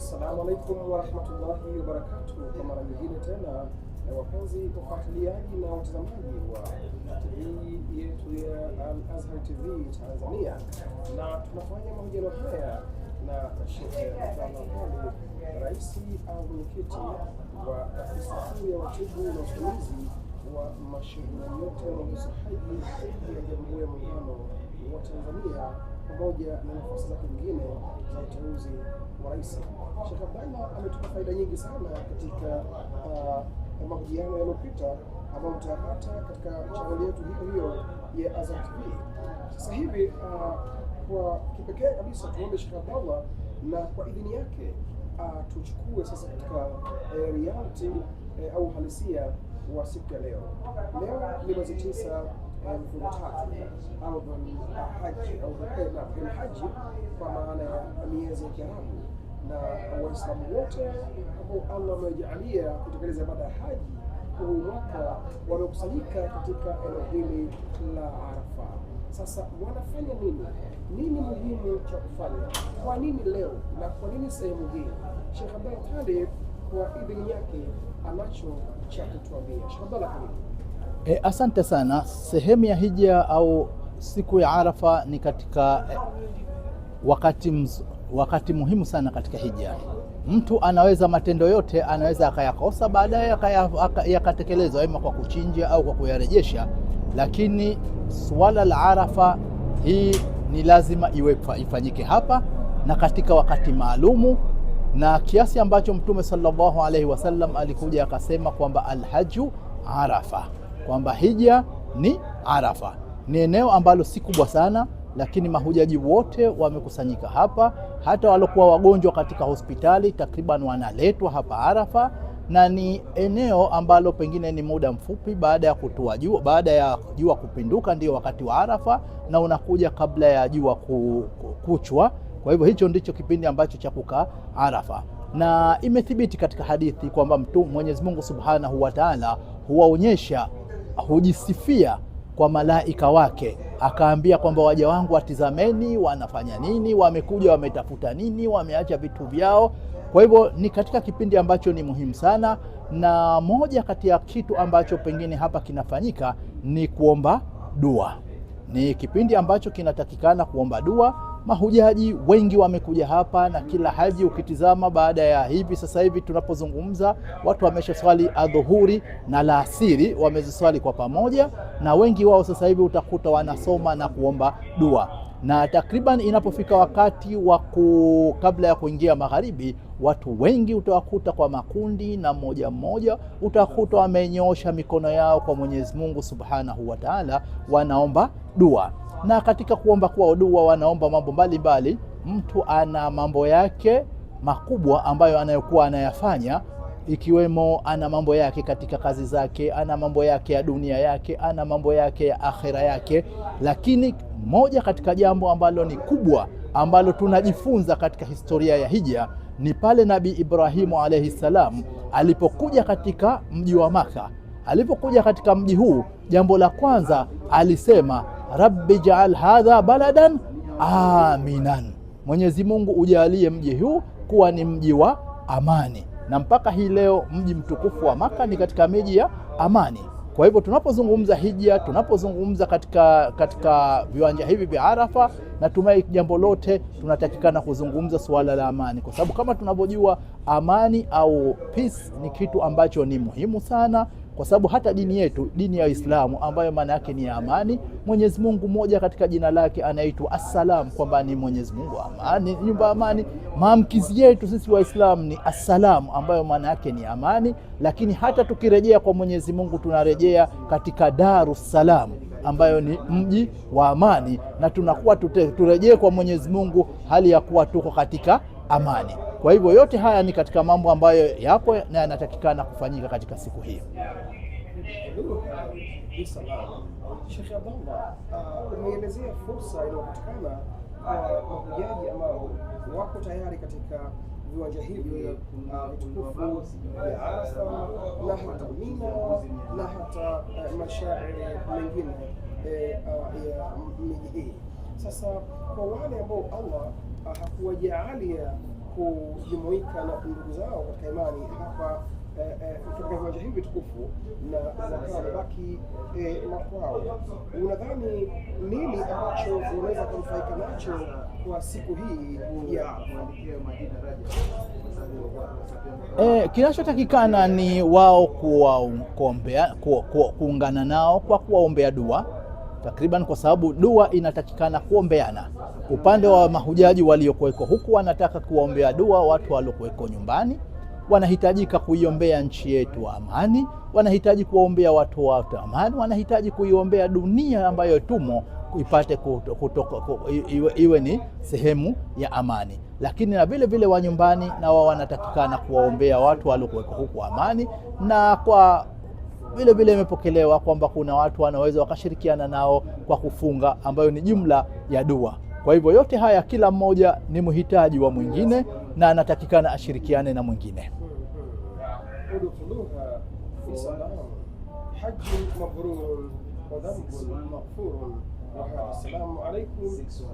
Assalamu alaikum warahmatullahi wabarakatuh. Kwa mara nyingine tena, eh, wapenzi wafuatiliaji na watazamaji wa TV yetu ya Al Azhar TV Tanzania, na tunafanya mahojiano haya na Sheikh Abdallah rais au mwenyekiti wa afisi kuu ya watibu na usimamizi wa mashauriano yote yanayohusu haji ya Jamhuri ya Muungano wa Tanzania pamoja na nafasi zake nyingine za uteuzi wa rais. Sheikh Abdalla ametupa faida nyingi sana katika uh, mahojiano yaliyopita ambayo utayapata katika chaneli yetu hiyo hiyo ya Azam TV. Sasa hivi uh, kwa kipekee kabisa tuombe Sheikh Abdalla na kwa idhini yake uh, tuchukue sasa katika uh, reality uh, au uhalisia wa siku ya leo. Leo ni mwezi tisa mankuruhat au haji au haji, kwa maana ya miezi ya Kiarabu na Waislamu wote ambao Allah amewajaalia kutekeleza ibada ya haji huu mwaka wamekusanyika katika eneo hili la Arafa. Sasa wanafanya nini? Nini muhimu cha kufanya? Kwa nini leo na kwa nini sehemu hii? Sheikh Abdalla Talib kwa idhini yake anacho cha kutuambia. Sheikh Abdalla, karibu. E, asante sana. Sehemu ya hija au siku ya Arafa ni katika e, wakati, mz, wakati muhimu sana katika hija. Mtu anaweza matendo yote anaweza akayakosa baadaye yakatekelezwa ima kwa kuchinja au kwa kuyarejesha, lakini suala la Arafa hii ni lazima iwe ifanyike hapa na katika wakati maalumu, na kiasi ambacho Mtume sallallahu alaihi wasallam alikuja akasema kwamba alhaju Arafa kwamba hija ni Arafa. Ni eneo ambalo si kubwa sana, lakini mahujaji wote wamekusanyika hapa, hata walokuwa wagonjwa katika hospitali takriban wanaletwa hapa Arafa, na ni eneo ambalo pengine ni muda mfupi baada ya kutua jua, baada ya jua kupinduka ndio wakati wa Arafa, na unakuja kabla ya jua kuchwa. Kwa hivyo hicho ndicho kipindi ambacho cha kukaa Arafa, na imethibiti katika hadithi kwamba mtu Mwenyezi Mungu Subhanahu wa Ta'ala huwaonyesha hujisifia kwa malaika wake akaambia kwamba waja wangu watizameni, wanafanya nini, wamekuja wametafuta nini, wameacha vitu vyao. Kwa hivyo ni katika kipindi ambacho ni muhimu sana, na moja kati ya kitu ambacho pengine hapa kinafanyika ni kuomba dua. Ni kipindi ambacho kinatakikana kuomba dua mahujaji wengi wamekuja hapa na kila haji ukitizama, baada ya hivi sasa hivi tunapozungumza, watu wameshaswali adhuhuri na laasiri, wameziswali kwa pamoja, na wengi wao sasa hivi utakuta wanasoma na kuomba dua, na takriban inapofika wakati wa kabla ya kuingia magharibi, watu wengi utawakuta kwa makundi na mmoja mmoja utawakuta wamenyosha mikono yao kwa Mwenyezi Mungu Subhanahu wa Ta'ala, wanaomba dua. Na katika kuomba kwao dua wanaomba mambo mbalimbali mbali. Mtu ana mambo yake makubwa ambayo anayokuwa anayafanya ikiwemo ana mambo yake katika kazi zake, ana mambo yake ya dunia yake, ana mambo yake ya akhera yake. Lakini moja katika jambo ambalo ni kubwa ambalo tunajifunza katika historia ya hija ni pale Nabii Ibrahimu alaihi salam alipokuja katika mji wa Maka. Alipokuja katika mji huu, jambo la kwanza alisema rabbi jaal hadha baladan aminan, Mwenyezi Mungu ujalie mji huu kuwa ni mji wa amani. Na mpaka hii leo mji mtukufu wa Maka ni katika miji ya amani. Kwa hivyo tunapozungumza hija, tunapozungumza katika, katika viwanja hivi vya Arafa, natumai jambo lote tunatakikana kuzungumza suala la amani, kwa sababu kama tunavyojua amani au peace ni kitu ambacho ni muhimu sana kwa sababu hata dini yetu, dini ya Uislamu ambayo maana yake ni ya amani. Mwenyezi Mungu mmoja katika jina lake anaitwa Assalam, kwamba ni Mwenyezi Mungu amani, nyumba ya amani. Maamkizi yetu sisi Waislamu ni Assalam, ambayo maana yake ni amani, lakini hata tukirejea kwa Mwenyezi Mungu tunarejea katika Salam ambayo ni mji wa amani, na tunakuwa turejee kwa Mwenyezi Mungu hali ya kuwa tuko katika amani. Kwa hivyo yote haya ni katika mambo ambayo yapo na yanatakikana kufanyika katika siku hii Sheikh Abdallah, uh, umeelezea fursa inayopatikana mahujaji ambao wako tayari katika viwanja hivi uh, vitukufu vya Arafa na hata Mina na hata uh, mashairi mengine ya miji hii. Sasa kwa wale ambao Allah hakuwajaalia kujumuika na ndugu zao katika imani hapa eh, eh, katika viwanja hivi tukufu na nabaki eh, na kwao. Unadhani nini ambacho unaweza kunufaika nacho kwa siku hii ya Eh, kinachotakikana ni wao kuwaombea, kuungana nao kwa kuwaombea dua takriban, kwa sababu dua inatakikana kuombeana. Upande wa mahujaji waliokuweko huku wanataka kuwaombea dua watu waliokuweko nyumbani, wanahitajika kuiombea nchi yetu amani, wanahitaji kuwaombea watu wa amani, wanahitaji kuiombea dunia ambayo tumo ipate kuto, kuto, kuto, iwe, iwe ni sehemu ya amani, lakini na vile vile wa nyumbani na wao wanatakikana kuwaombea watu waliokuweko huku amani na kwa vile vile imepokelewa kwamba kuna watu wanaweza wakashirikiana nao kwa kufunga, ambayo ni jumla ya dua. Kwa hivyo yote haya, kila mmoja ni mhitaji wa mwingine na anatakikana ashirikiane na mwingine. Assalamu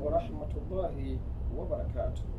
wa rahmatullahi wa barakatuh.